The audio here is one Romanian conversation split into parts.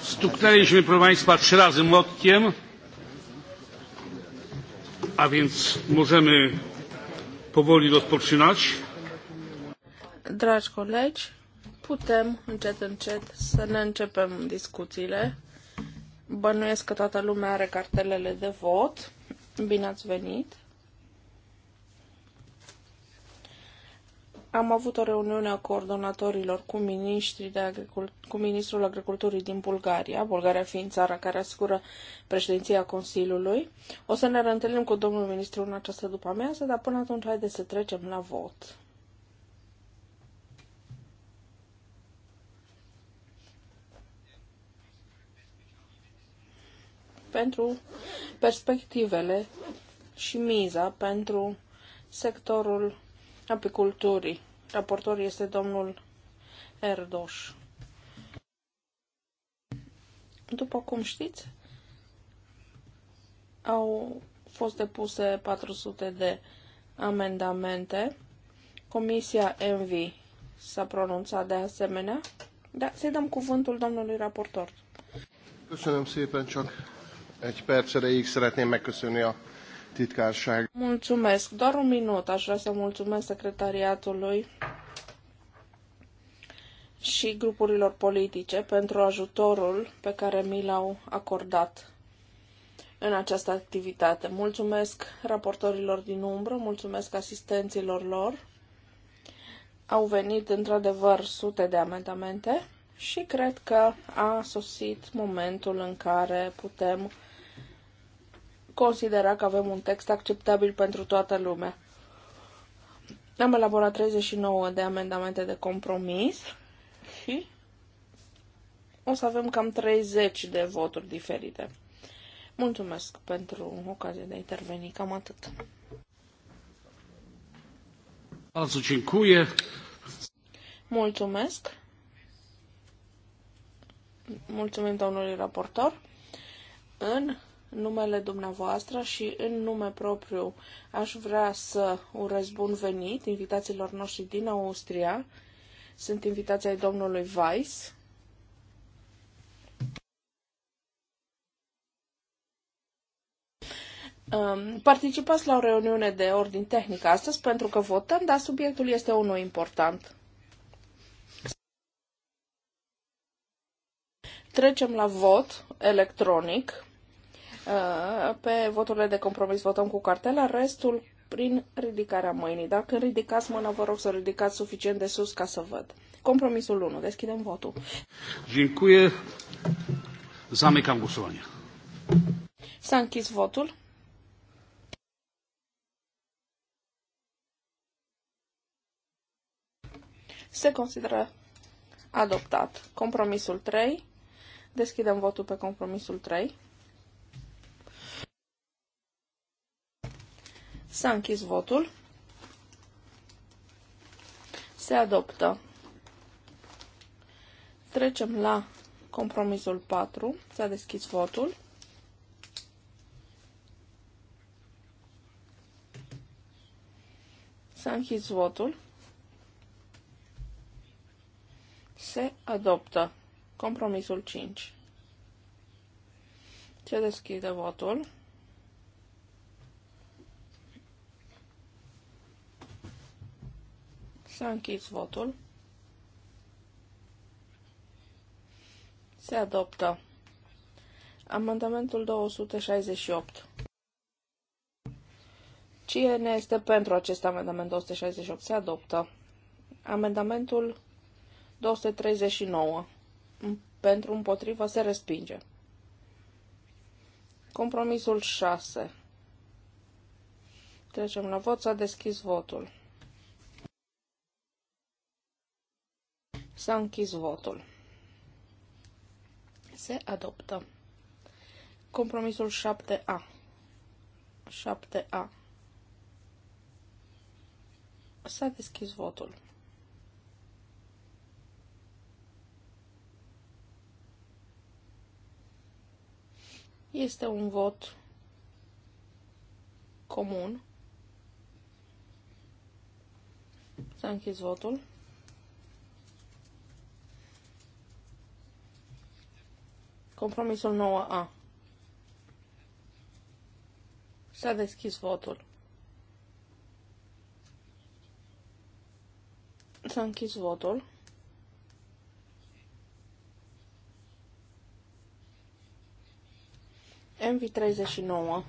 Stuknęliśmy, proszę Państwa, trzy razy młotkiem, a więc możemy powoli rozpoczynać. Dragi colegi, putem încet, încet să ne începem discuțiile. Bănuiesc că toată lumea are cartelele de vot. Bine ați venit! Am avut o reuniune a coordonatorilor cu, ministrii de agricult- cu ministrul agriculturii din Bulgaria, Bulgaria fiind țara care asigură președinția Consiliului. O să ne reîntâlnim cu domnul ministru în această după amiază, dar până atunci haideți să trecem la vot. pentru perspectivele și miza pentru sectorul apiculturii. Raportor este domnul Erdoș. După cum știți, au fost depuse 400 de amendamente. Comisia Envi s-a pronunțat de asemenea. Da, să-i dăm cuvântul domnului raportor. Mulțumesc, szépen, csak egy perc erejéig szeretném megköszönni a titkárság. Mulțumesc. Doar un minut. Aș vrea să mulțumesc secretariatului și grupurilor politice pentru ajutorul pe care mi l-au acordat în această activitate. Mulțumesc raportorilor din umbră, mulțumesc asistenților lor. Au venit într-adevăr sute de amendamente și cred că a sosit momentul în care putem considera că avem un text acceptabil pentru toată lumea. Am elaborat 39 de amendamente de compromis și o să avem cam 30 de voturi diferite. Mulțumesc pentru ocazia de a interveni. Cam atât. Mulțumesc. Mulțumim domnului raportor. În numele dumneavoastră și în nume propriu aș vrea să urez bun venit invitațiilor noștri din Austria. Sunt invitații ai domnului Weiss. Um, participați la o reuniune de ordin tehnic astăzi pentru că votăm, dar subiectul este unul important. Trecem la vot electronic. Uh, pe voturile de compromis votăm cu cartela, restul prin ridicarea mâinii. Dacă ridicați mâna, vă rog să ridicați suficient de sus ca să văd. Compromisul 1. Deschidem votul. Dziękuję. Zamykam głosowanie. S-a închis votul. Se consideră adoptat. Compromisul 3. Deschidem votul pe compromisul 3. S-a închis votul. Se adoptă. Trecem la compromisul 4. S-a deschis votul. S-a închis votul. Se adoptă. Compromisul 5. Se deschide votul. Să a votul. Se adoptă. Amendamentul 268. Cine este pentru acest amendament 268? Se adoptă. Amendamentul 239. Pentru împotrivă se respinge. Compromisul 6. Trecem la vot. S-a deschis votul. S-a închis votul. Se adoptă. Compromisul 7A. 7A. S-a deschis votul. Este un vot comun. S-a închis votul. Compromisul 9A. S-a deschis votul. S-a închis votul. MV39.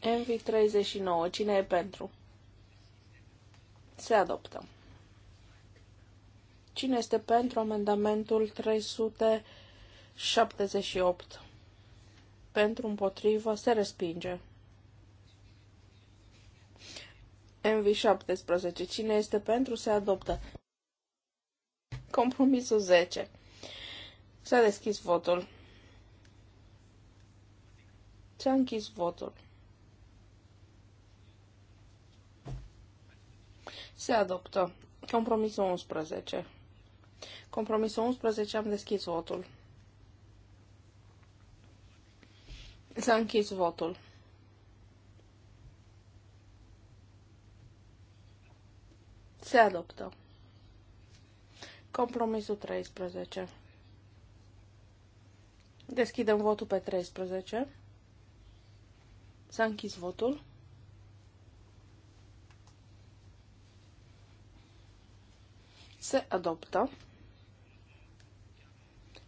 MV39. Cine e pentru? Se adoptă. Cine este pentru amendamentul 300? 78. Pentru împotrivă se respinge. MV17. Cine este pentru se adoptă. Compromisul 10. S-a deschis votul. S-a închis votul. Se adoptă. Compromisul 11. Compromisul 11 am deschis votul. S-a închis votul. Se adoptă. Compromisul 13. Deschidem votul pe 13. S-a închis votul. Se adoptă.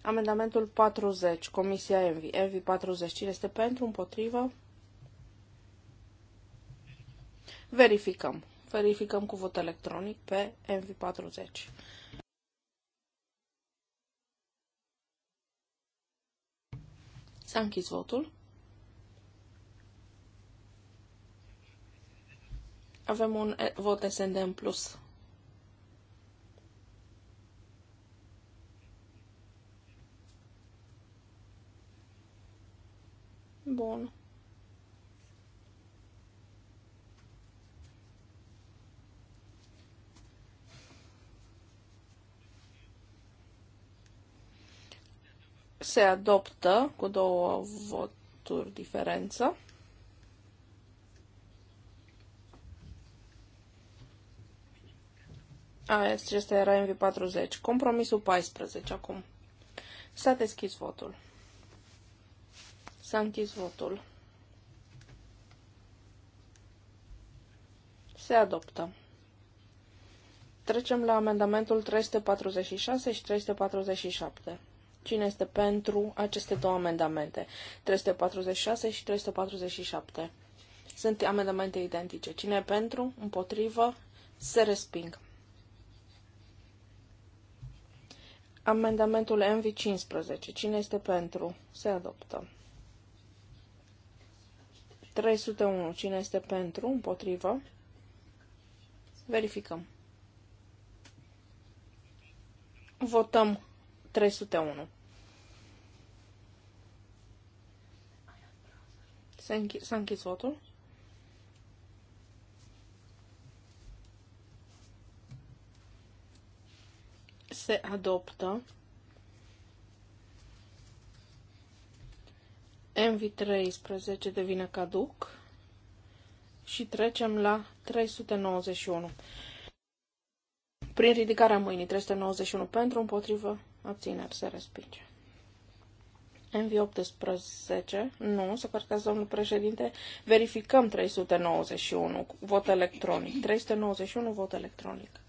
Amendamentul 40, Comisia Envi. Envi 40, cine este pentru, împotrivă? Verificăm. Verificăm cu vot electronic pe Envi 40. S-a închis votul. Avem un vot SND în plus Bun. Se adoptă cu două voturi diferență. Acesta era MV40. Compromisul 14 acum. S-a deschis votul. S-a închis votul. Se adoptă. Trecem la amendamentul 346 și 347. Cine este pentru aceste două amendamente? 346 și 347. Sunt amendamente identice. Cine e pentru, împotrivă, se resping. Amendamentul MV15. Cine este pentru? Se adoptă. 301. Cine este pentru? Împotrivă. Verificăm. Votăm 301. S-a închis, închis votul. Se adoptă MV13 devine caduc și trecem la 391. Prin ridicarea mâinii, 391 pentru, împotrivă, abțineri, se respinge. MV18, nu, se cartează domnul președinte, verificăm 391, vot electronic, 391, vot electronic.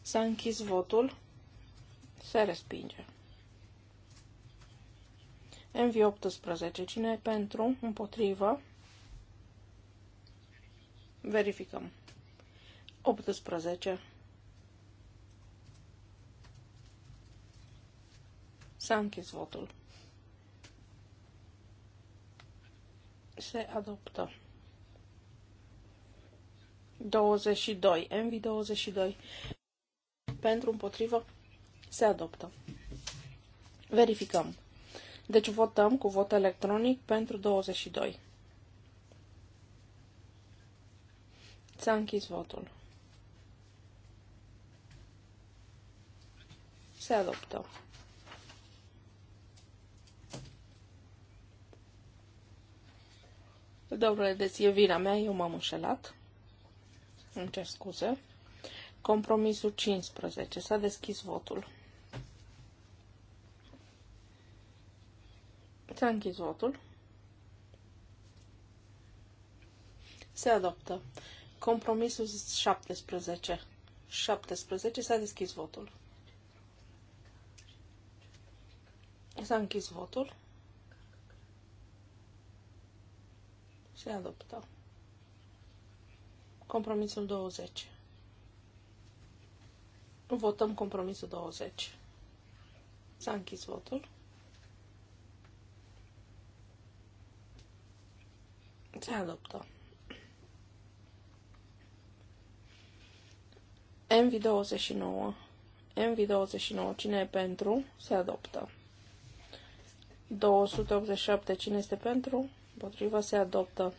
S-a închis votul, se respinge. MV18. Cine e pentru? Împotrivă. Verificăm. 18. S-a închis votul. Se adoptă. 22. MV22. Pentru împotrivă se adoptă. Verificăm. Deci votăm cu vot electronic pentru 22. S-a închis votul. Se adoptă. Domnule, deci e vina mea, eu m-am înșelat. Îmi cer scuze. Compromisul 15. S-a deschis votul. votat, s-a închis votul. Se adoptă. Compromisul 17. 17 s-a deschis votul. S-a închis votul. Se adoptă. Compromisul 20. Votăm compromisul 20. S-a închis votul. Se adoptă. MV29. MV29. Cine e pentru? Se adoptă. 287. Cine este pentru? Împotriva se adoptă.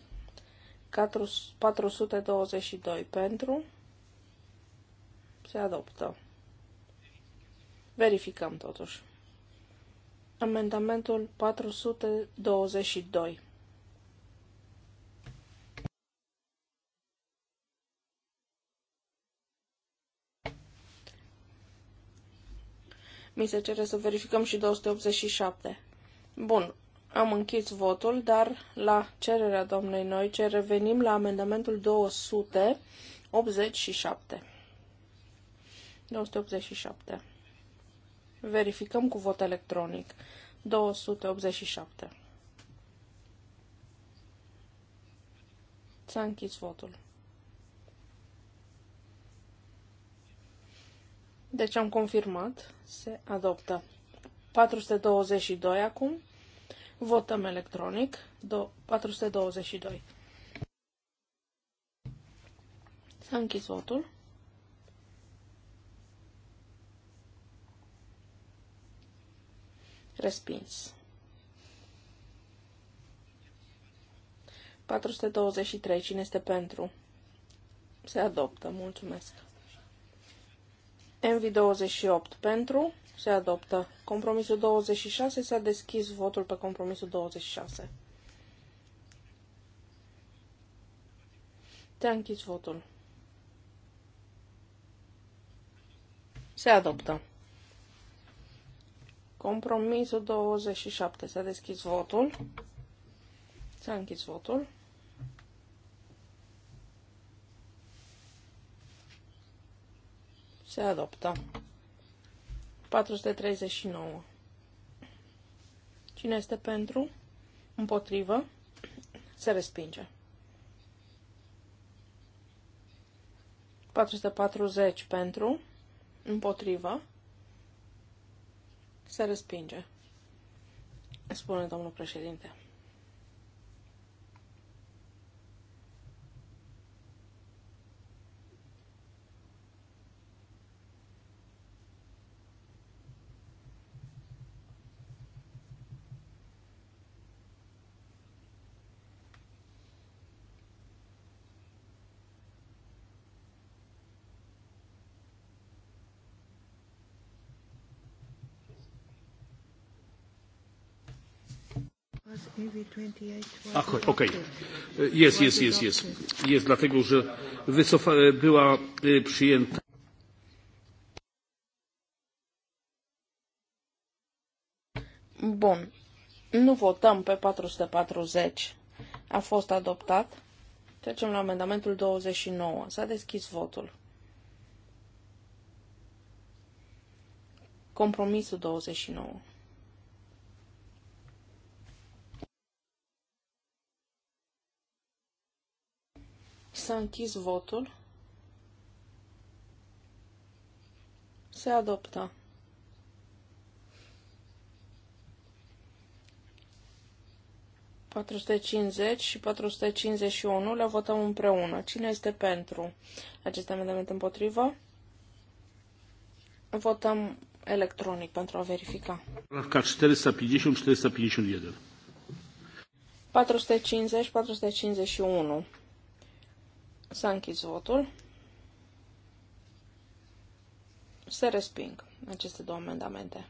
422 pentru. Se adoptă. Verificăm totuși. Amendamentul 422. Mi se cere să verificăm și 287. Bun, am închis votul, dar la cererea domnului ce revenim la amendamentul 287. 287. Verificăm cu vot electronic. 287. S-a închis votul. Deci am confirmat. Se adoptă. 422 acum. Votăm electronic. 422. S-a închis votul. Respins. 423. Cine este pentru? Se adoptă. Mulțumesc. MV28 pentru, se adoptă. Compromisul 26 s-a deschis votul pe compromisul 26. te închis votul. Se adoptă. Compromisul 27 s-a deschis votul. S-a închis votul. Se adoptă. 439. Cine este pentru? Împotrivă? Se respinge. 440 pentru, împotrivă, se respinge, spune domnul președinte. Ach, okej. Okay. Jest, jest, jest, jest. Jest, dlatego że wycofa, była przyjęta. Bun. Nu votăm pe 440. A fost adoptat. Trecem la amendamentul 29. S-a deschis votul. Compromisul 29. S-a votul. Se adoptă. ...450 și 451 le votăm împreună. Cine este pentru acest amendament împotrivă? Votăm electronic pentru a verifica. 450-451. 450-451. S-a închis votul. Se resping aceste două amendamente.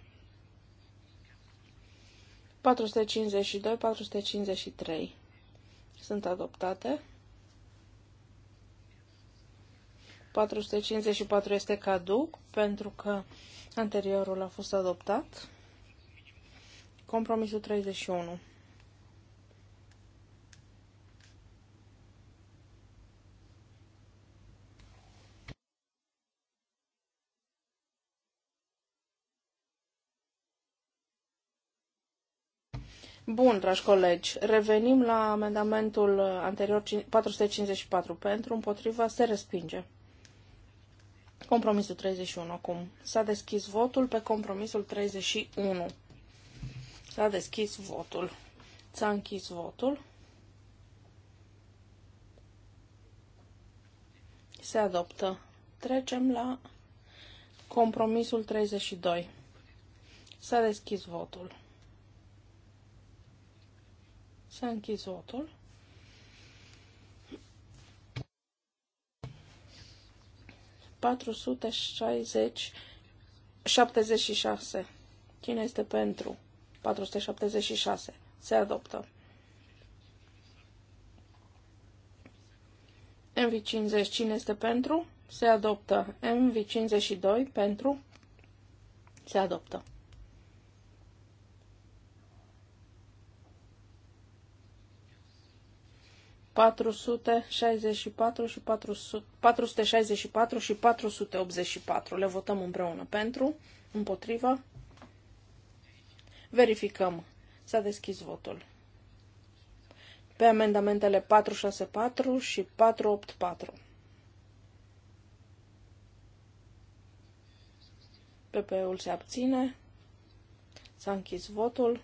452-453 sunt adoptate. 454 este caduc pentru că anteriorul a fost adoptat. Compromisul 31. Bun, dragi colegi, revenim la amendamentul anterior 454 pentru, împotriva, se respinge. Compromisul 31 acum. S-a deschis votul pe compromisul 31. S-a deschis votul. S-a închis votul. Se adoptă. Trecem la compromisul 32. S-a deschis votul. S-a închis otul. Patru sute șaizeci, șaptezeci și șase. Cine este pentru? 476. Se adoptă. MV50. Cine este pentru? Se adoptă. MV52. Pentru? Se adoptă. 464 și 400, 464 și 484. Le votăm împreună pentru, împotrivă. Verificăm. S-a deschis votul. Pe amendamentele 464 și 484. PP-ul se abține. S-a închis votul.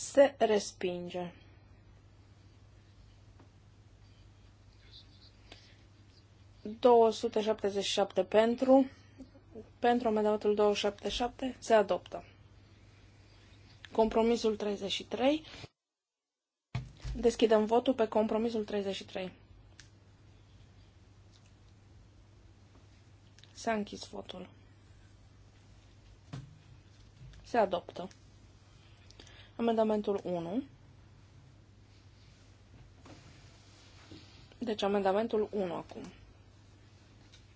se respinge. șapte pentru, pentru amendamentul 277 se adoptă. Compromisul 33. Deschidem votul pe compromisul 33. S-a închis votul. Se adoptă. Amendamentul 1. Deci amendamentul 1 acum.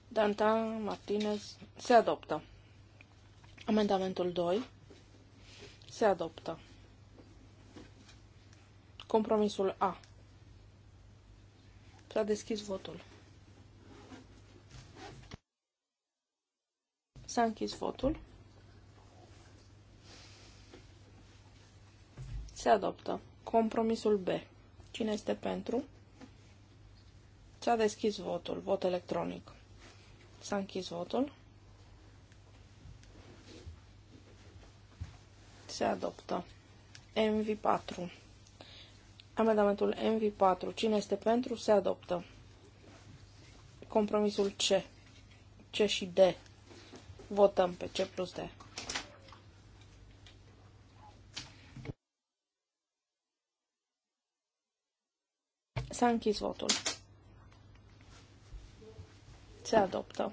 Danta Martinez se adoptă. Amendamentul 2 se adoptă. Compromisul A. S-a deschis votul. S-a închis votul. Se adoptă. Compromisul B. Cine este pentru? S-a deschis votul. Vot electronic. S-a închis votul. Se adoptă. MV4. Amendamentul MV4. Cine este pentru? Se adoptă. Compromisul C. C și D. Votăm pe C plus D. S-a închis votul. Se adoptă.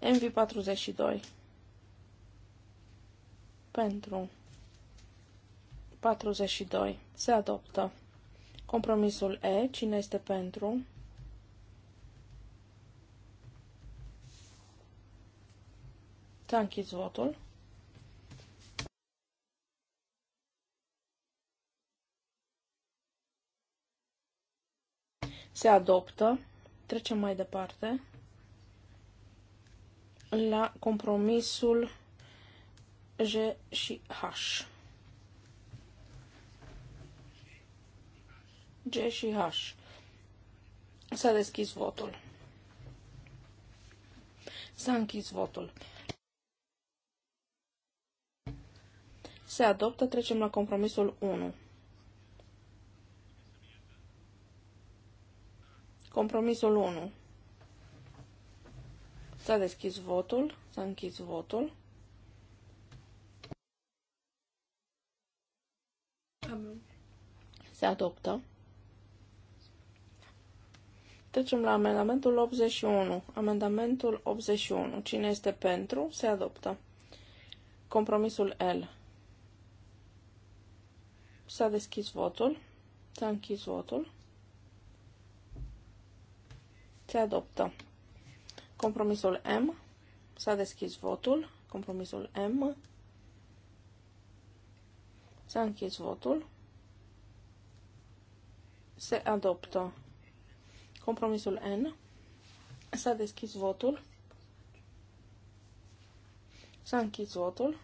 MV42 pentru 42. Se adoptă. Compromisul E. Cine este pentru? S-a închis votul. Se adoptă. Trecem mai departe la compromisul J și H. G și H. S-a deschis votul. S-a închis votul. Se adoptă, trecem la compromisul 1. Compromisul 1. S-a deschis votul, s-a închis votul. Se adoptă. Trecem la amendamentul 81. Amendamentul 81. Cine este pentru, se adoptă. Compromisul L. S-a deschis votul. S-a închis votul. Se adoptă. Compromisul M. S-a deschis votul. Compromisul M. S-a închis votul. Se adoptă. Compromisul N. S-a deschis votul. S-a închis votul.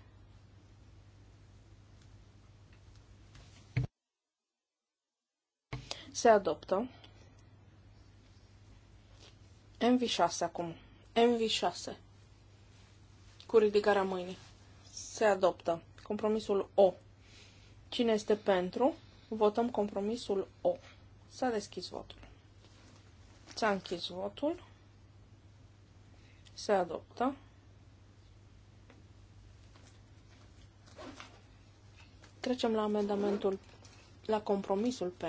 Se adoptă. MV6 acum. MV6. Cu ridicarea mâinii. Se adoptă. Compromisul O. Cine este pentru? Votăm compromisul O. S-a deschis votul. S-a închis votul. Se adoptă. Trecem la amendamentul, la compromisul P.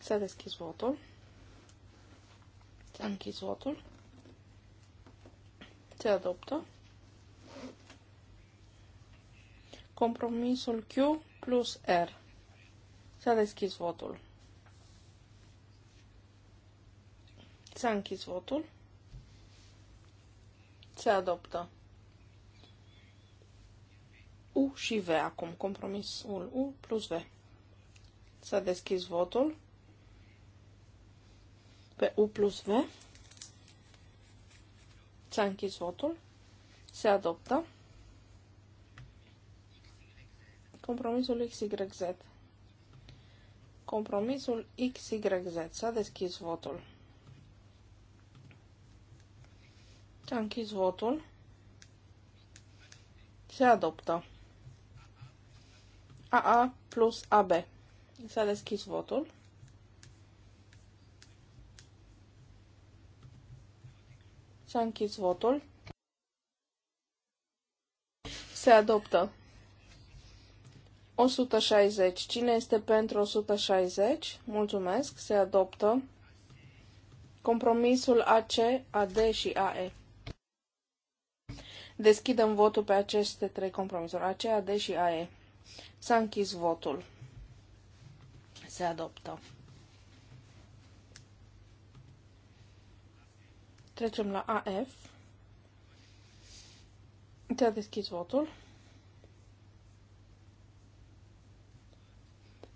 S-a deschis votul ți a închis votul. Se adoptă. Compromisul Q plus R. S-a deschis votul. S-a închis votul. Se adoptă. U și V acum. Compromisul U plus V. S-a deschis votul pe U plus V. S-a închis votul. Se adoptă. Compromisul XYZ. Compromisul XYZ. S-a deschis votul. S-a închis votul. Se adoptă. AA plus AB. S-a deschis votul. S-a închis votul. Se adoptă. 160. Cine este pentru 160? Mulțumesc. Se adoptă. Compromisul AC, AD și AE. Deschidem votul pe aceste trei compromisuri. AC, AD și AE. S-a închis votul. Se adoptă. Trecem la AF. Te-a deschis votul.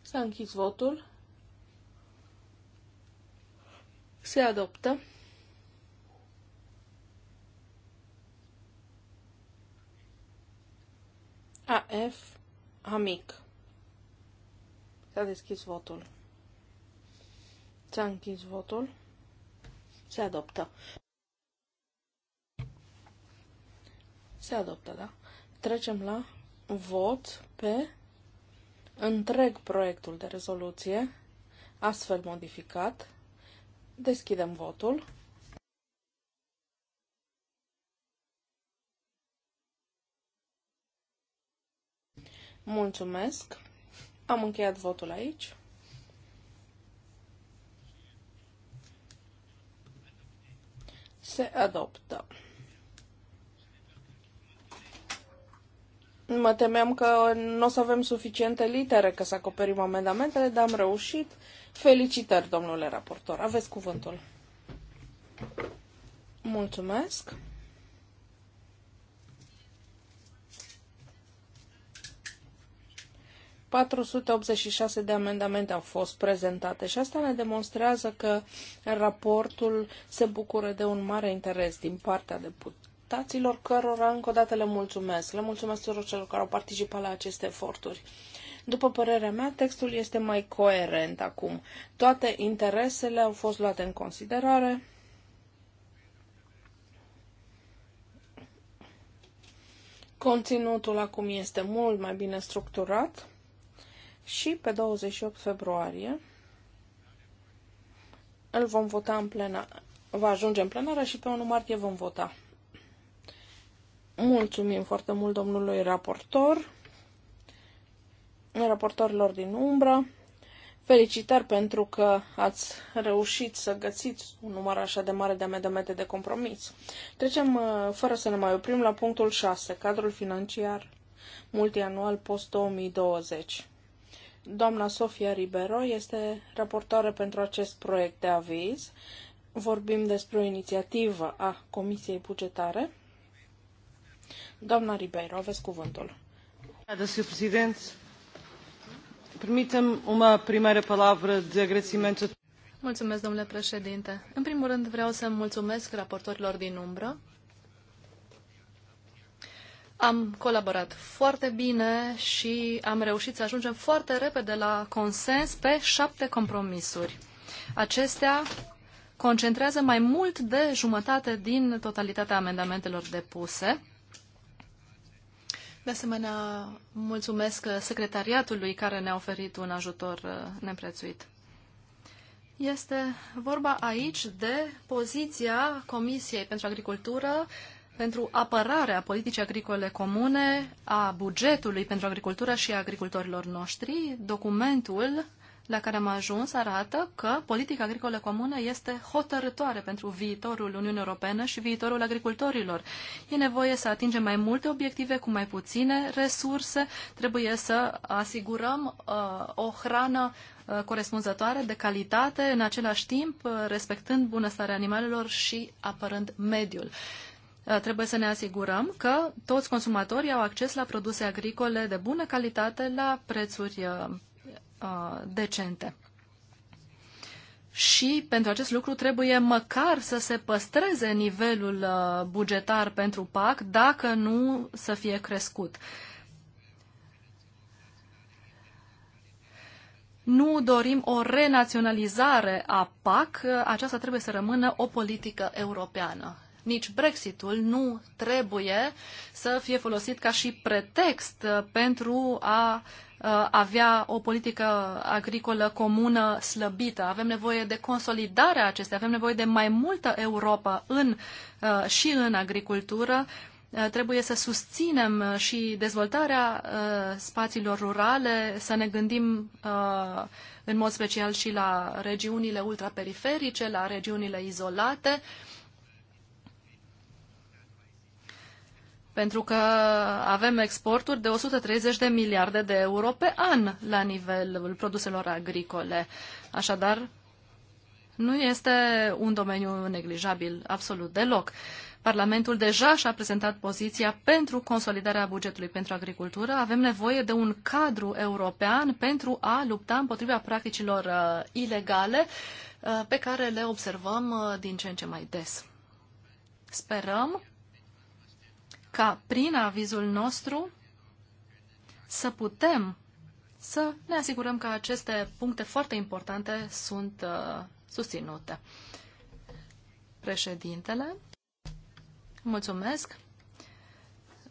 S-a închis votul. Se adoptă. AF Amic. S-a deschis votul. S-a închis votul. Se adoptă. Se adoptă, da? Trecem la vot pe întreg proiectul de rezoluție, astfel modificat. Deschidem votul. Mulțumesc. Am încheiat votul aici. Se adoptă. Mă temeam că nu o să avem suficiente litere ca să acoperim amendamentele, dar am reușit. Felicitări, domnule raportor. Aveți cuvântul. Mulțumesc. ...486 de amendamente au fost prezentate și asta ne demonstrează că raportul se bucură de un mare interes din partea deputaților deputaților, cărora încă o dată le mulțumesc. Le mulțumesc tuturor celor care au participat la aceste eforturi. După părerea mea, textul este mai coerent acum. Toate interesele au fost luate în considerare. Conținutul acum este mult mai bine structurat și pe 28 februarie îl vom vota în plena, va ajunge în plenară și pe 1 martie vom vota. Mulțumim foarte mult domnului raportor, raportorilor din umbră. Felicitări pentru că ați reușit să găsiți un număr așa de mare de amendamente de compromis. Trecem, uh, fără să ne mai oprim, la punctul 6, cadrul financiar multianual post-2020. Doamna Sofia Ribero este raportoare pentru acest proiect de aviz. Vorbim despre o inițiativă a Comisiei Bugetare Doamna Ribeiro, aveți cuvântul. Sr. Presidente, permitam uma primeira palavra de agradecimento. Mulțumesc, domnule președinte. În primul rând vreau să mulțumesc raportorilor din umbră. Am colaborat foarte bine și am reușit să ajungem foarte repede la consens pe șapte compromisuri. Acestea concentrează mai mult de jumătate din totalitatea amendamentelor depuse de asemenea, mulțumesc secretariatului care ne-a oferit un ajutor uh, neprețuit. Este vorba aici de poziția Comisiei pentru Agricultură pentru apărarea politicii agricole comune, a bugetului pentru agricultură și a agricultorilor noștri. Documentul la care am ajuns arată că politica agricolă comună este hotărătoare pentru viitorul Uniunii Europene și viitorul agricultorilor. E nevoie să atingem mai multe obiective cu mai puține resurse, trebuie să asigurăm uh, o hrană uh, corespunzătoare de calitate, în același timp uh, respectând bunăstarea animalelor și apărând mediul uh, trebuie să ne asigurăm că toți consumatorii au acces la produse agricole de bună calitate la prețuri Uh, decente. Și pentru acest lucru trebuie măcar să se păstreze nivelul uh, bugetar pentru PAC, dacă nu să fie crescut. Nu dorim o renaționalizare a PAC, uh, aceasta trebuie să rămână o politică europeană nici Brexitul nu trebuie să fie folosit ca și pretext uh, pentru a uh, avea o politică agricolă comună slăbită. Avem nevoie de consolidarea acestei, avem nevoie de mai multă Europa în, uh, și în agricultură. Trebuie să susținem și dezvoltarea spațiilor rurale, să ne gândim în mod special și la regiunile ultraperiferice, la regiunile izolate pentru că avem exporturi de 130 de miliarde de euro pe an la nivelul produselor agricole. Așadar, nu este un domeniu neglijabil absolut deloc. Parlamentul deja și-a prezentat poziția pentru consolidarea bugetului pentru agricultură. Avem nevoie de un cadru european pentru a lupta împotriva practicilor uh, ilegale uh, pe care le observăm uh, din ce în ce mai des. Sperăm ca prin avizul nostru să putem să ne asigurăm că aceste puncte foarte importante sunt uh, susținute. Președintele, mulțumesc.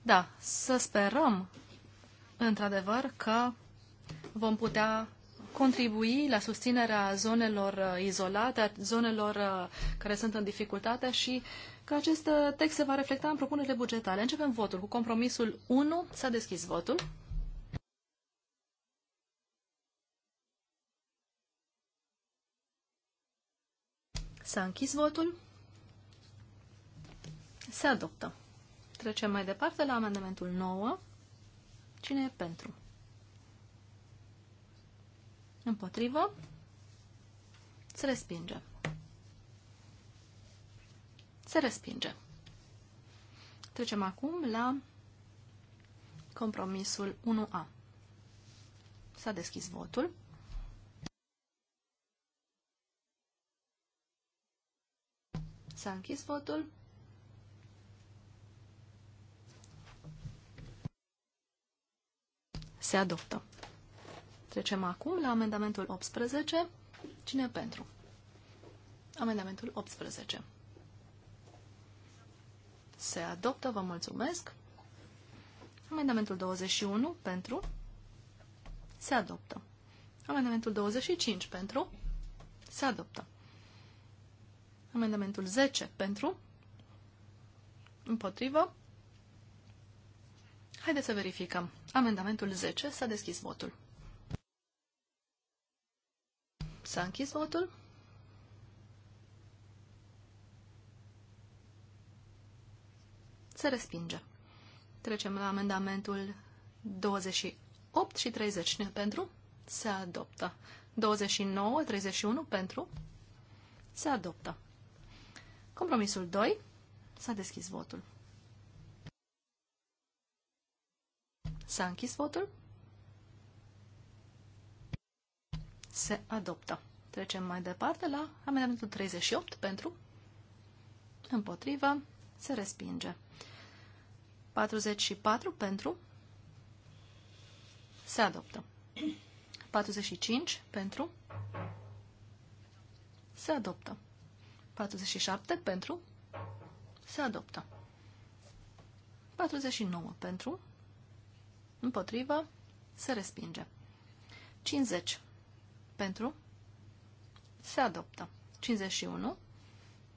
Da, să sperăm, într-adevăr, că vom putea contribui la susținerea zonelor uh, izolate, zonelor uh, care sunt în dificultate și uh, că acest uh, text se va reflecta în propunerile bugetare. Începem votul cu compromisul 1. S-a deschis votul. S-a închis votul. Se adoptă. Trecem mai departe la amendamentul 9. Cine e pentru? Împotrivă. Se respinge. Se respinge. Trecem acum la compromisul 1A. S-a deschis votul. S-a închis votul. Se adoptă. Trecem acum la amendamentul 18. Cine pentru? Amendamentul 18 se adoptă, vă mulțumesc. Amendamentul 21 pentru se adoptă. Amendamentul 25 pentru se adoptă. Amendamentul 10 pentru împotrivă. Haideți să verificăm. Amendamentul 10 s-a deschis votul. S-a închis votul. Se respinge. Trecem la amendamentul 28 și 30 pentru. Se adoptă. 29, 31 pentru. Se adoptă. Compromisul 2. S-a deschis votul. S-a închis votul. Se adoptă. Trecem mai departe la amendamentul 38 pentru. Împotrivă. Se respinge. 44 pentru. Se adoptă. 45 pentru. Se adoptă. 47 pentru. Se adoptă. 49 pentru. Împotrivă. Se respinge. 50 pentru. Se adoptă. 51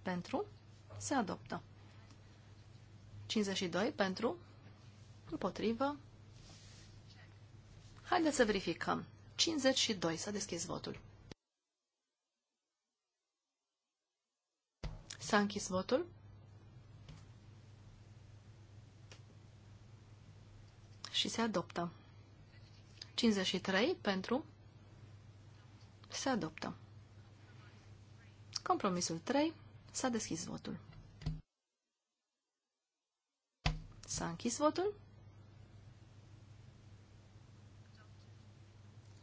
pentru. Se adoptă. 52 pentru, împotrivă. Haideți să verificăm. 52 s-a deschis votul. S-a închis votul. Și se adoptă. 53 pentru. Se adoptă. Compromisul 3. S-a deschis votul. S-a închis votul?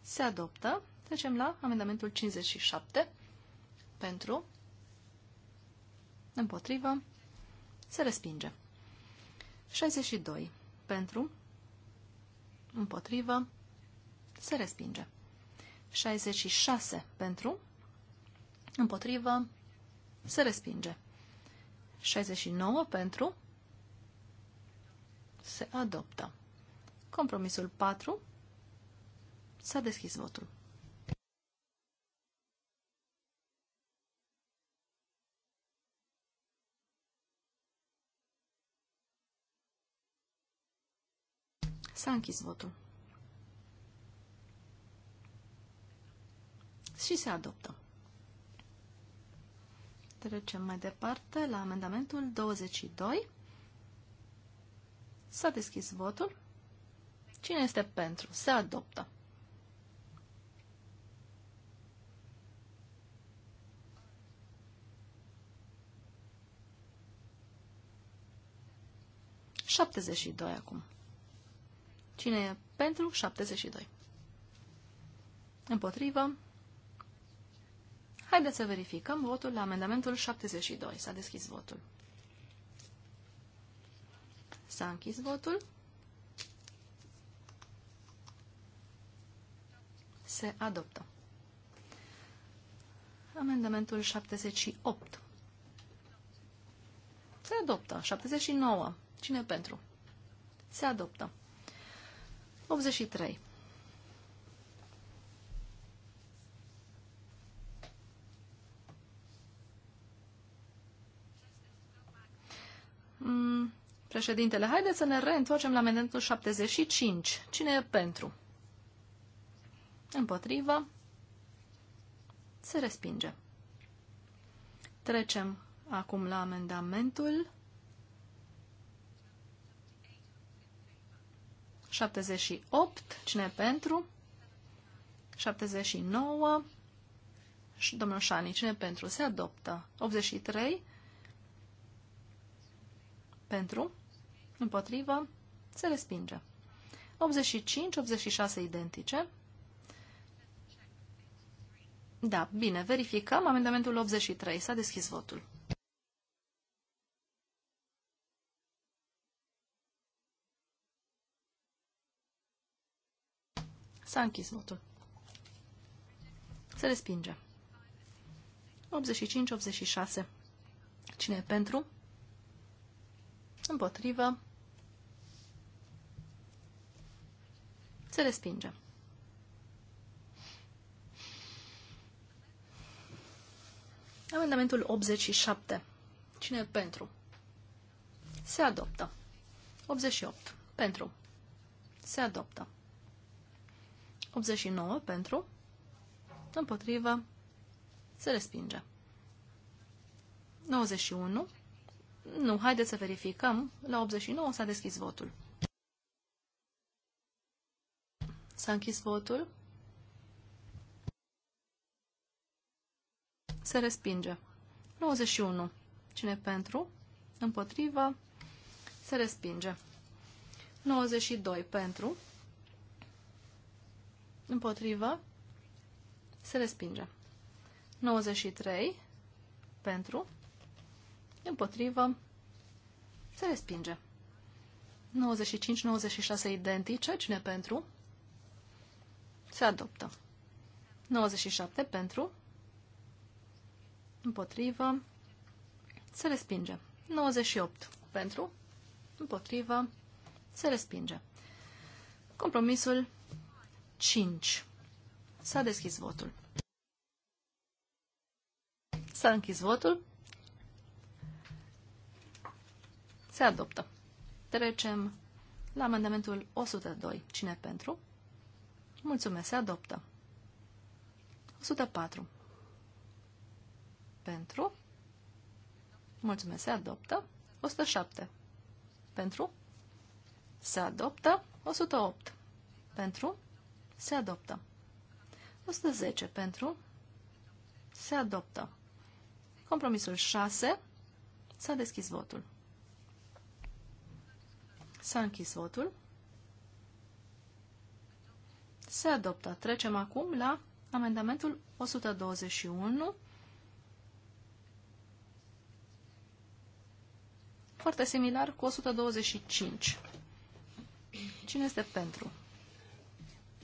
Se adoptă. Trecem la amendamentul 57. Pentru. Împotrivă. Se respinge. 62. Pentru. Împotrivă. Se respinge. 66. Pentru. Împotrivă. Se respinge. 69. Pentru se adoptă. Compromisul 4. S-a deschis votul. S-a închis votul. Și se adoptă. Trecem mai departe la amendamentul 22. S-a deschis votul. Cine este pentru? Se adoptă. Șaptezeci și doi acum. Cine e pentru? 72. Împotrivă. Haideți să verificăm votul la amendamentul 72. S-a deschis votul. S-a închis votul. Se adoptă. Amendamentul 78. Se adoptă. 79. Cine pentru? Se adoptă. 83. Președintele, haideți să ne reîntoarcem la amendamentul 75. Cine e pentru? Împotrivă. Se respinge. Trecem acum la amendamentul 78. Cine e pentru? 79. Domnul Șani, cine e pentru? Se adoptă. 83. Pentru împotrivă, se respinge. 85-86 identice. Da, bine, verificăm amendamentul 83. S-a deschis votul. S-a închis votul. Se respinge. 85-86. Cine e pentru? Împotrivă. Se respinge. Amendamentul 87. Cine pentru? Se adoptă. 88. Pentru. Se adoptă. 89. Pentru. Împotrivă. Se respinge. 91. Nu, haideți să verificăm. La 89 s-a deschis votul. S-a închis votul. Se respinge. 91. Cine pentru? Împotrivă. Se respinge. 92. Pentru. Împotrivă. Se respinge. 93. Pentru. Împotrivă. Se respinge. 95-96 identice. Cine pentru? Se adoptă. 97 pentru. Împotrivă. Se respinge. 98 pentru. Împotrivă. Se respinge. Compromisul 5. S-a deschis votul. S-a închis votul. Se adoptă. Trecem la amendamentul 102. Cine pentru? Mulțumesc, se adoptă. 104. Pentru. Mulțumesc, se adoptă. 107. Pentru. Se adoptă. 108. Pentru. Se adoptă. 110. Pentru. Se adoptă. Compromisul 6. S-a deschis votul. S-a închis votul. Se adoptă. Trecem acum la amendamentul 121. Foarte similar cu 125. Cine este pentru?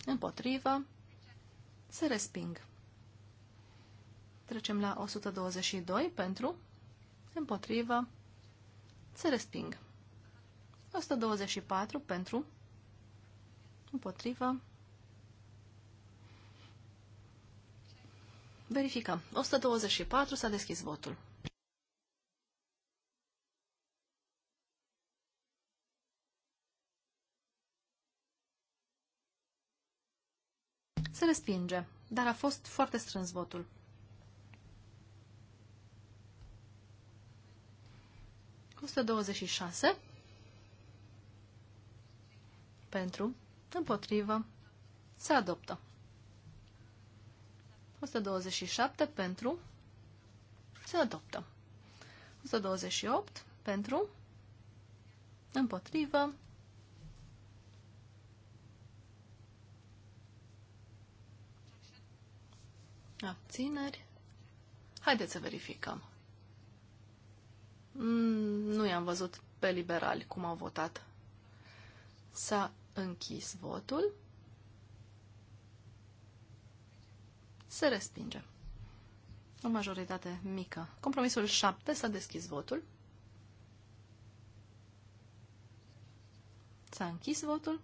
Împotrivă. Se resping. Trecem la 122 pentru. Împotrivă. Se resping. 124 pentru. Împotrivă. Verificăm. 124 s-a deschis votul. Se respinge, dar a fost foarte strâns votul. Costă 26 pentru, împotrivă, se adoptă. 127 pentru. Se adoptă. 128 pentru. Împotrivă. Abțineri. Haideți să verificăm. Mm, nu i-am văzut pe liberali cum au votat. S-a închis votul. Se respinge. O majoritate mică. Compromisul 7 s-a deschis votul. S-a închis votul.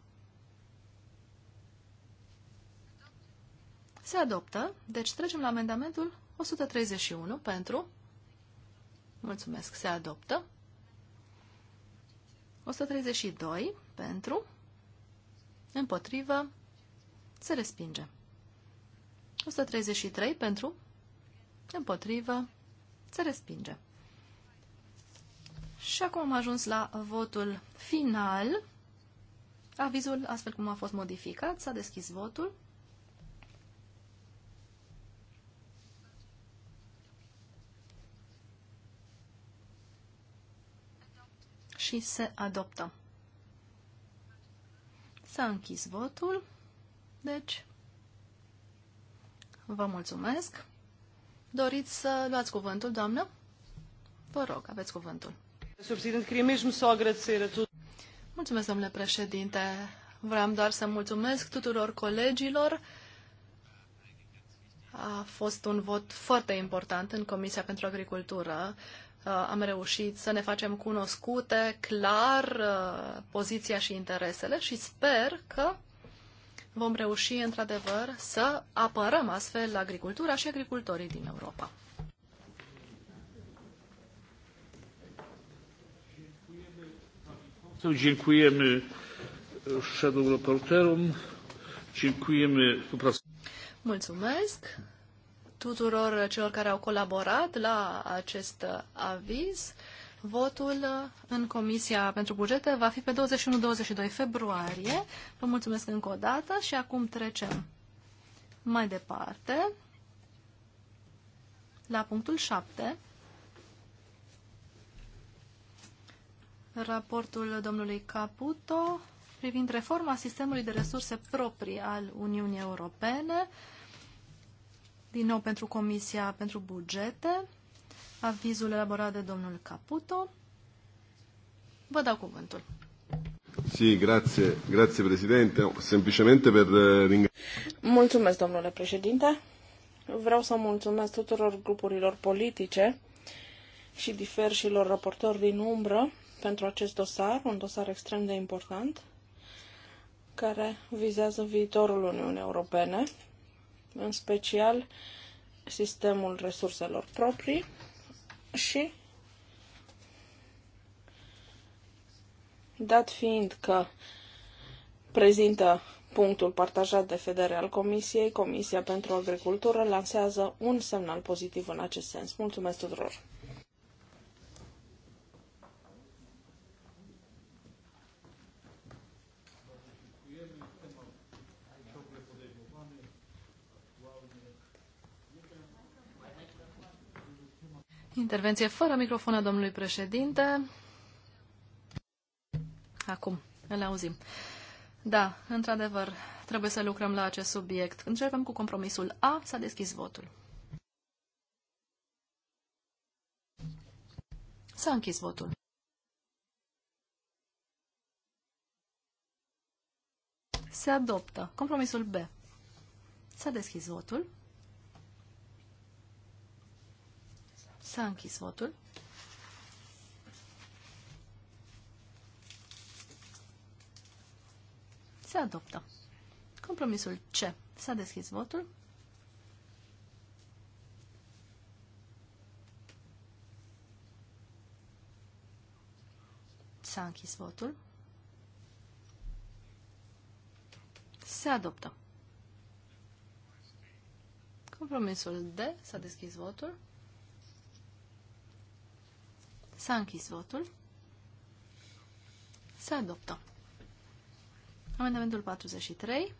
Se adoptă. Deci trecem la amendamentul 131 pentru. Mulțumesc. Se adoptă. 132 pentru. Împotrivă. Se respinge. 133 pentru, împotrivă, se respinge. Și acum am ajuns la votul final. Avizul, astfel cum a fost modificat, s-a deschis votul. Și se adoptă. S-a închis votul. Deci, Vă mulțumesc. Doriți să luați cuvântul, doamnă? Vă rog, aveți cuvântul. Mulțumesc, domnule președinte. Vreau doar să mulțumesc tuturor colegilor. A fost un vot foarte important în Comisia pentru Agricultură. Am reușit să ne facem cunoscute clar poziția și interesele și sper că vom reuși, într-adevăr, să apărăm astfel agricultura și agricultorii din Europa. Mulțumesc tuturor celor care au colaborat la acest aviz. Votul uh, în Comisia pentru Bugete va fi pe 21-22 februarie. Vă mulțumesc încă o dată și acum trecem mai departe la punctul 7. Raportul domnului Caputo privind reforma sistemului de resurse proprii al Uniunii Europene, din nou pentru Comisia pentru Bugete avizul elaborat de domnul Caputo. Vă dau cuvântul. Sì, grazie, grazie Presidente. Semplicemente per eh, ringraziare. Mulțumesc, domnule președinte. Vreau să mulțumesc tuturor grupurilor politice și diferșilor raportori din umbră pentru acest dosar, un dosar extrem de important, care vizează viitorul Uniunii Europene, în special sistemul resurselor proprii și dat fiind că prezintă punctul partajat de federe al Comisiei, Comisia pentru Agricultură lansează un semnal pozitiv în acest sens. Mulțumesc tuturor! Intervenție fără microfon a domnului președinte. Acum, îl auzim. Da, într-adevăr, trebuie să lucrăm la acest subiect. Începem cu compromisul A, s-a deschis votul. S-a închis votul. Se adoptă. Compromisul B. S-a deschis votul. S-a închis votul. Se adoptă. Compromisul C. S-a deschis votul. S-a închis votul. Se adoptă. Compromisul D. S-a deschis votul. S-a închis votul. Se adoptă. Amendamentul 43.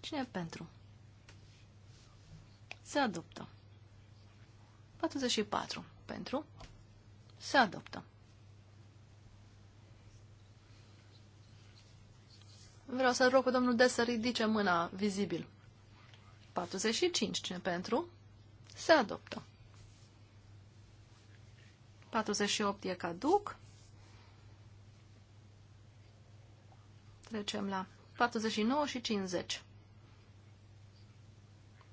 Cine e pentru? Se adoptă. 44. Pentru? Se adoptă. Vreau să rog pe domnul Des să ridice mâna vizibil. 45. Cine pentru? Se adoptă. 48 e caduc. Trecem la 49 și 50.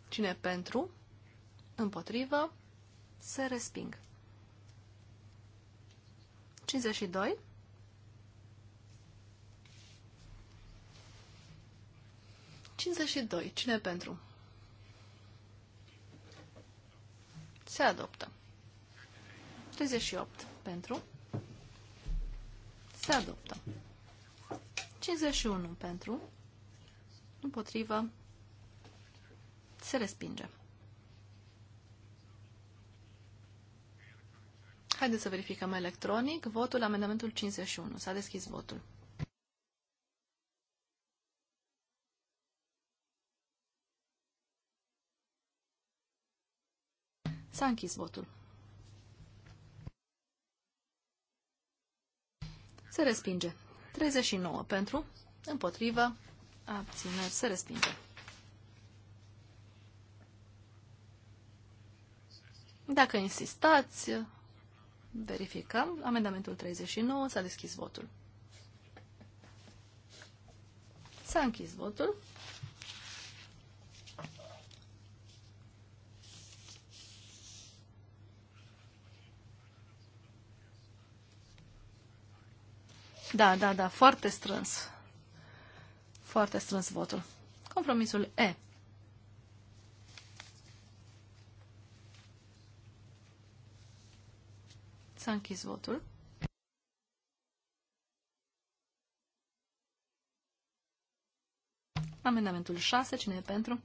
Cine pentru, împotrivă, se resping. 52. Cine pentru? Se adoptă. 78 pentru. Se adoptă. 51 pentru. Împotrivă. Se respinge. Haideți să verificăm electronic votul amendamentul 51. S-a deschis votul. S-a închis votul. Se respinge. 39 pentru, împotrivă, abțineri, se respinge. Dacă insistați, verificăm. Amendamentul 39 s-a deschis votul. S-a închis votul. Da, da, da, foarte strâns. Foarte strâns votul. Compromisul E. S-a închis votul. Amendamentul 6, cine e pentru?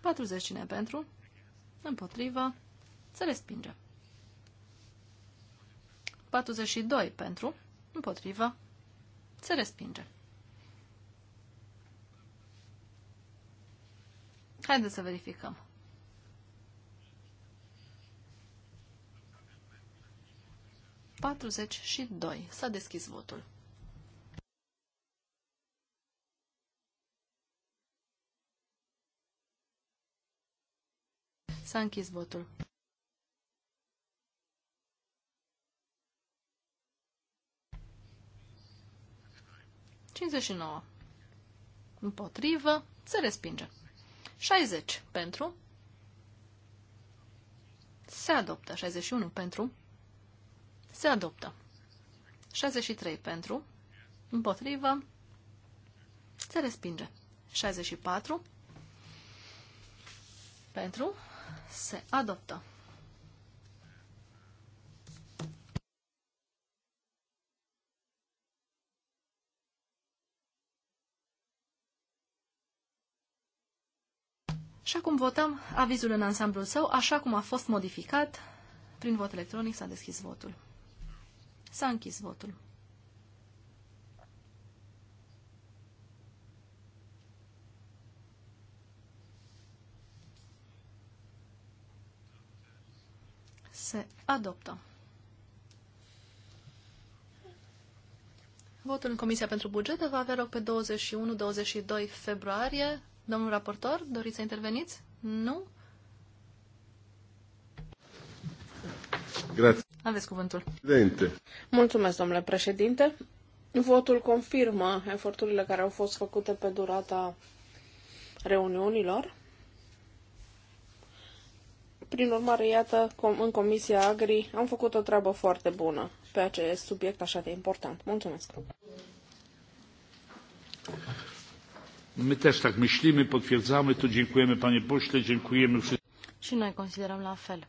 40, cine e pentru? Împotrivă, se respinge. 42 pentru, împotrivă, se respinge. Haideți să verificăm. Patruzeci și doi. S-a deschis votul. S-a închis votul. 59. Împotrivă. Se respinge. 60. Pentru. Se adoptă. 61. Pentru. Se adoptă. 63. Pentru. Împotrivă. Se respinge. 64. Pentru. Se adoptă. Acum votăm avizul în ansamblul său, așa cum a fost modificat. Prin vot electronic s-a deschis votul. S-a închis votul. Se adoptă. Votul în Comisia pentru Bugete va avea loc pe 21-22 februarie Domnul raportor, doriți să interveniți? Nu? Grazie. Aveți cuvântul. Presidente. Mulțumesc, domnule președinte. Votul confirmă eforturile care au fost făcute pe durata reuniunilor. Prin urmare, iată, în Comisia Agri am făcut o treabă foarte bună pe acest subiect așa de important. Mulțumesc! My też tak myślimy, potwierdzamy to. Dziękujemy panie pośle, dziękujemy wszystkim. Și noi considerăm la fel.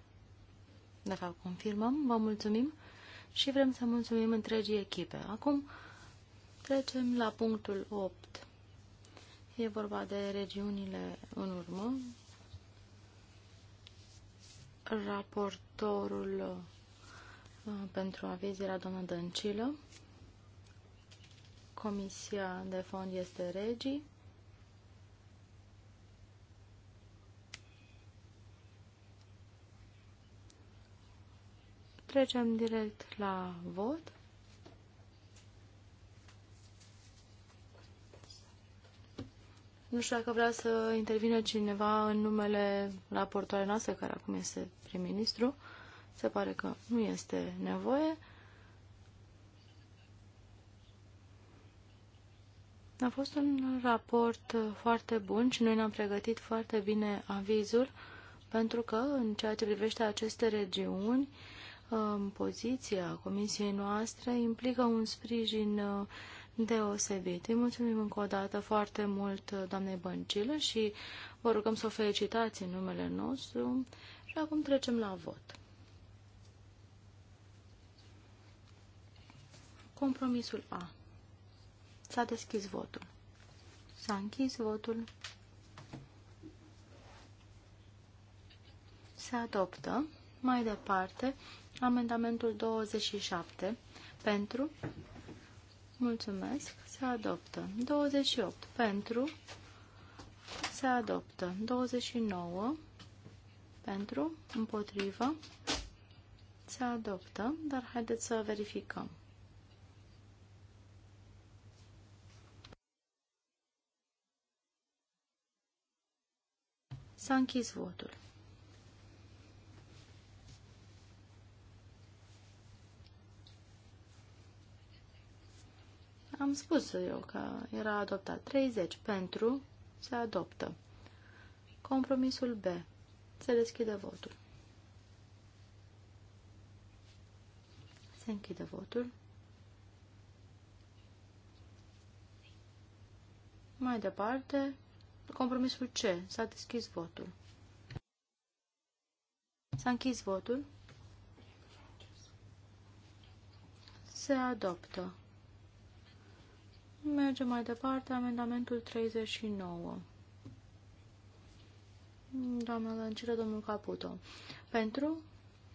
De fapt, confirmăm, vă mulțumim și vrem să mulțumim întregii echipe. Acum trecem la punctul 8. E vorba de regiunile în urmă. Raportorul uh, pentru aviz era doamna Dăncilă. Comisia de fond este regii. Trecem direct la vot. Nu știu dacă vrea să intervină cineva în numele raportoarei noastre, care acum este prim-ministru. Se pare că nu este nevoie. A fost un raport foarte bun și noi ne-am pregătit foarte bine avizul, pentru că, în ceea ce privește aceste regiuni, poziția comisiei noastre implică un sprijin uh, deosebit. Îi mulțumim încă o dată foarte mult uh, doamnei Băncilă și vă rugăm să o felicitați în numele nostru și acum trecem la vot. Compromisul A. S-a deschis votul. S-a închis votul. Se adoptă. Mai departe, Amendamentul 27 pentru, mulțumesc, se adoptă. 28 pentru, se adoptă. 29 pentru, împotrivă, se adoptă, dar haideți să verificăm. S-a închis votul. Am spus eu că era adoptat. 30 pentru se adoptă. Compromisul B. Se deschide votul. Se închide votul. Mai departe, compromisul C. S-a deschis votul. S-a închis votul. Se adoptă. Mergem mai departe, amendamentul 39. Doamna Lăncilă, domnul Caputo. Pentru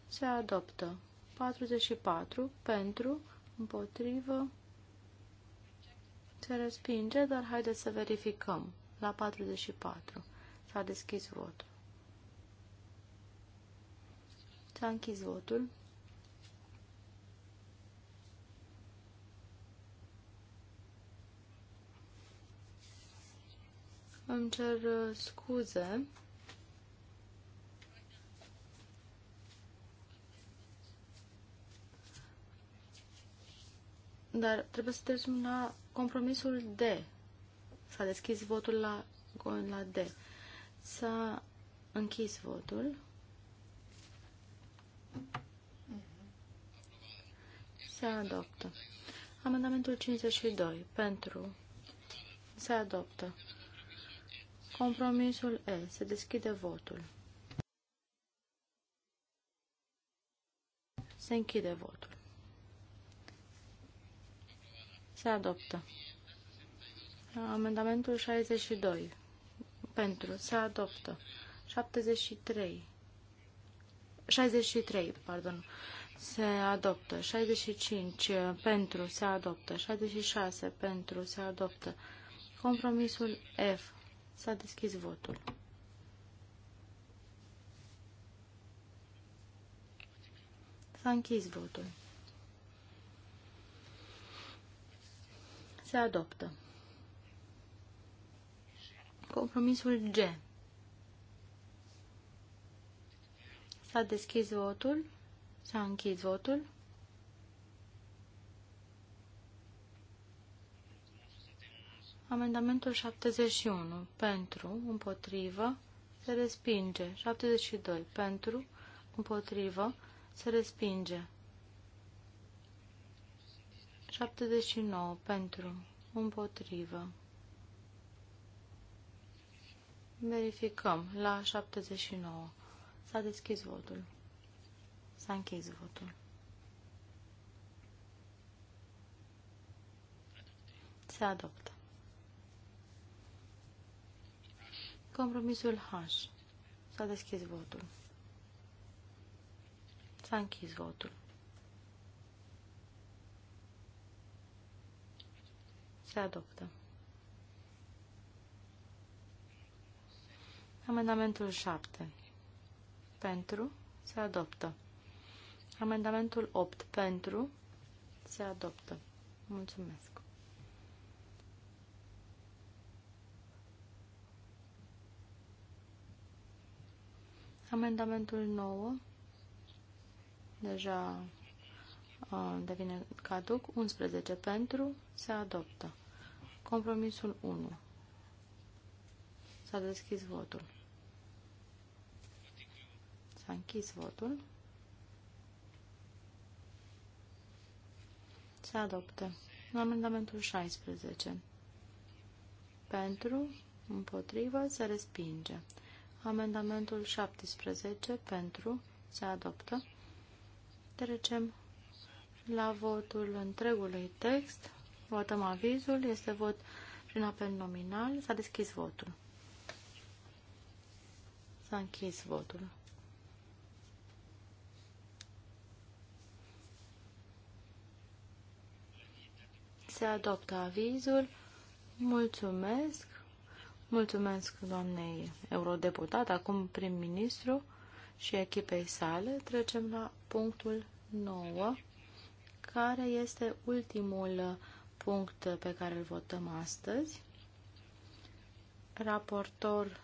se adoptă. 44. Pentru, împotrivă, se respinge, dar haideți să verificăm. La 44 s-a deschis votul. S-a închis votul. Îmi cer uh, scuze. Dar trebuie să trecem la compromisul D. S-a deschis votul la, la D. S-a închis votul. Se adoptă. Amendamentul 52. Pentru. Se adoptă. Compromisul E. Se deschide votul. Se închide votul. Se adoptă. Amendamentul 62. Pentru. Se adoptă. 73. 63, pardon. Se adoptă. 65. Pentru. Se adoptă. 66. Pentru. Se adoptă. Compromisul F. S-a deschis votul. S-a închis votul. Se adoptă. Compromisul G. S-a deschis votul. S-a închis votul. Amendamentul 71. Pentru, împotrivă, se respinge. 72. Pentru, împotrivă, se respinge. 79. Pentru, împotrivă. Verificăm la 79. S-a deschis votul. S-a închis votul. Se adoptă. Compromisul H. S-a deschis votul. S-a închis votul. Se adoptă. Amendamentul 7. Pentru. Se adoptă. Amendamentul 8. Pentru. Se adoptă. Mulțumesc. Amendamentul 9 deja devine caduc. 11 pentru se adoptă. Compromisul 1. S-a deschis votul. S-a închis votul. Se adoptă. Amendamentul 16. Pentru, împotrivă, se respinge. Amendamentul 17 pentru se adoptă. Trecem la votul întregului text. Votăm avizul. Este vot prin apel nominal. S-a deschis votul. S-a închis votul. Se adoptă avizul. Mulțumesc. Mulțumesc doamnei eurodeputat, acum prim-ministru și echipei sale. Trecem la punctul 9, care este ultimul punct pe care îl votăm astăzi. Raportor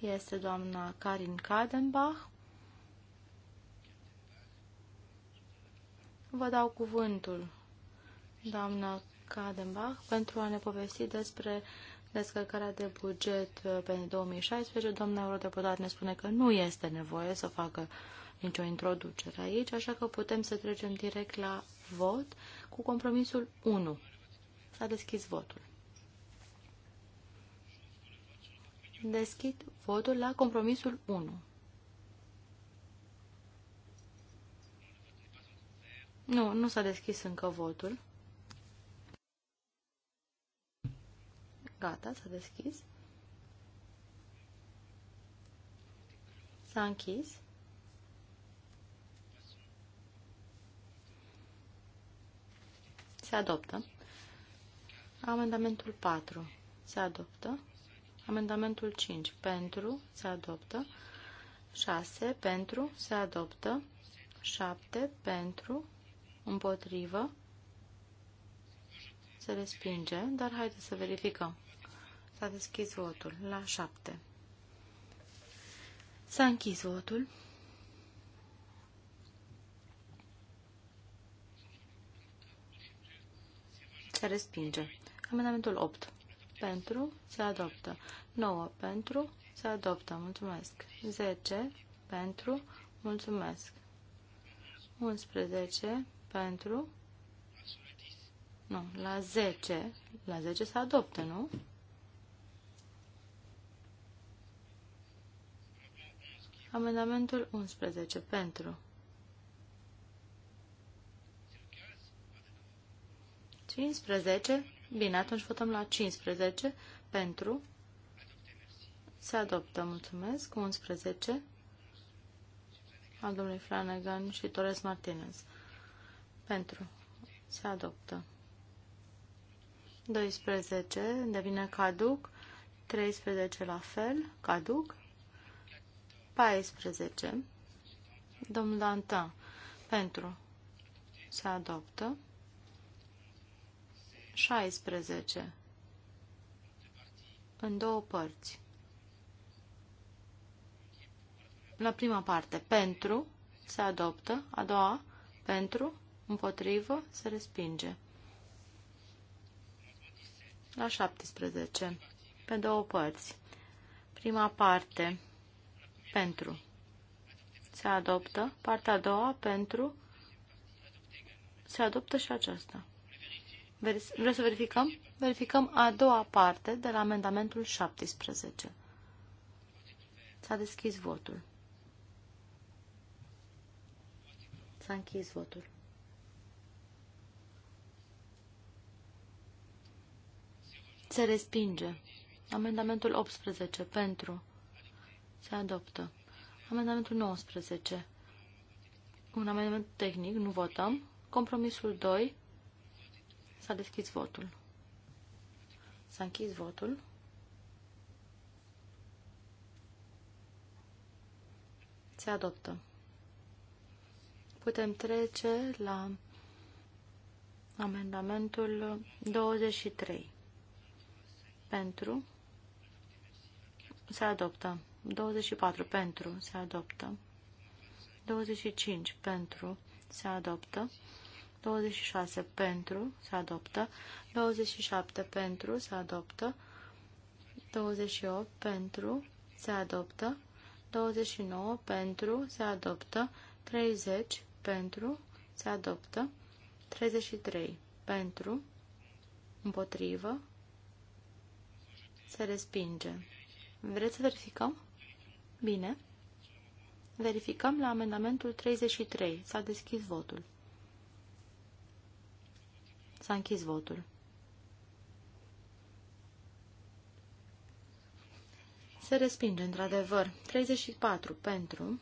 este doamna Karin Kadenbach. Vă dau cuvântul, doamna Kadenbach, pentru a ne povesti despre uh, descărcarea de buget uh, pentru 2016, domnul eurodeputat ne spune că nu este nevoie să facă nicio introducere aici, așa că putem să trecem direct la vot cu compromisul 1. S-a deschis votul. Deschid votul la compromisul 1. Nu, nu s-a deschis încă votul. Gata, s-a deschis. S-a închis. Se adoptă. Amendamentul 4. Se adoptă. Amendamentul 5. Pentru. Se adoptă. 6. Pentru. Se adoptă. 7. Pentru. Împotrivă. Se respinge, dar haideți să verificăm. S-a deschis votul la șapte. S-a închis votul. Se respinge. Amendamentul 8. Pentru se adoptă. 9. Pentru se adoptă. Mulțumesc. 10. Pentru. Mulțumesc. 11. Pentru. Nu, la 10. La 10 se adoptă, nu? Amendamentul 11. Pentru. Cincisprezece. Bine, atunci votăm la 15. Pentru. Se adoptă. Mulțumesc. 11. Al domnului Flanagan și Torres Martinez. Pentru. Se adoptă. 12. Devine caduc. 13 la fel. Caduc. 14. Domnul Dantin. Pentru. Se adoptă. 16. În două părți. La prima parte. Pentru. Se adoptă. A doua. Pentru. Împotrivă. Se respinge. La 17. Pe două părți. Prima parte pentru. Se adoptă. Partea a doua pentru. Se adoptă și aceasta. Vreți să verificăm? Verificăm a doua parte de la amendamentul 17. S-a deschis votul. S-a închis votul. Se respinge. Amendamentul 18. Pentru. Se adoptă. Amendamentul 19. Un amendament tehnic, nu votăm. Compromisul 2. S-a deschis votul. S-a închis votul. Se adoptă. Putem trece la amendamentul 23. Pentru. Se adoptă. 24 pentru se adoptă. 25 pentru se adoptă. 26 pentru se adoptă. 27 pentru se adoptă. 28 pentru se adoptă. 29 pentru se adoptă. 30 pentru se adoptă. 33 pentru împotrivă se respinge. Vreți să verificăm? Bine. Verificăm la amendamentul 33. S-a deschis votul. S-a închis votul. Se respinge, într-adevăr. 34 pentru,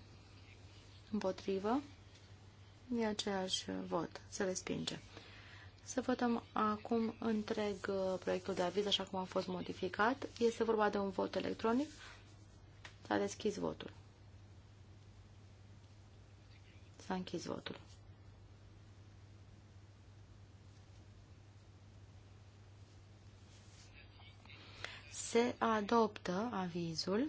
împotrivă, e aceeași vot. Se respinge. Să votăm acum întreg uh, proiectul de aviz, așa cum a fost modificat. Este vorba de un vot electronic. S-a deschis votul. S-a închis votul. Se adoptă avizul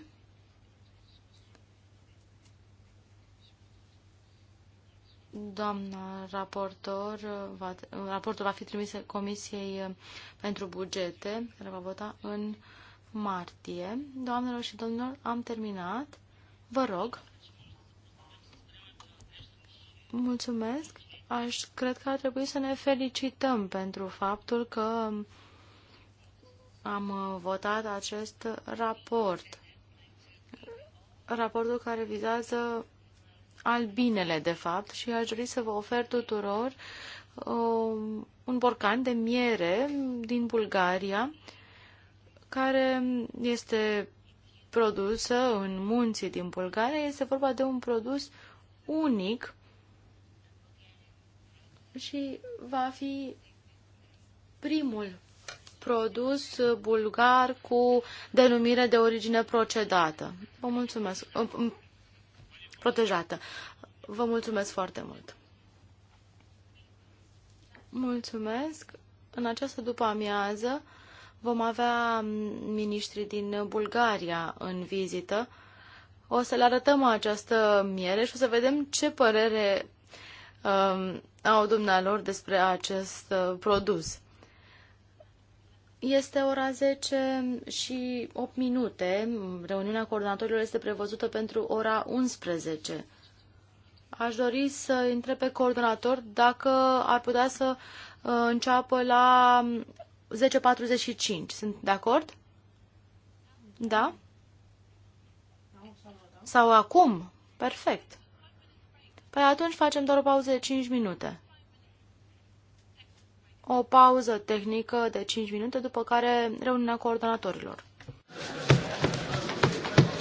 Doamna raportor, va, raportul va fi trimis Comisiei pentru Bugete, care va vota în martie. Doamnelor și domnilor, am terminat. Vă rog. Mulțumesc. Aș cred că ar trebui să ne felicităm pentru faptul că am votat acest raport. Raportul care vizează albinele, de fapt, și aș dori să vă ofer tuturor uh, un borcan de miere din Bulgaria care este produsă în munții din Bulgaria. Este vorba de un produs unic și va fi primul produs bulgar cu denumire de origine procedată. Vă mulțumesc. Protejată. Vă mulțumesc foarte mult. Mulțumesc. În această după amiază Vom avea miniștri din Bulgaria în vizită. O să le arătăm această miere și o să vedem ce părere um, au dumnealor despre acest uh, produs. Este ora 10 și 8 minute. Reuniunea coordonatorilor este prevăzută pentru ora 11. Aș dori să intre pe coordonator dacă ar putea să uh, înceapă la 10.45. Sunt de acord? Da? Sau acum? Perfect. Păi atunci facem doar o pauză de 5 minute. O pauză tehnică de 5 minute, după care reuniunea coordonatorilor.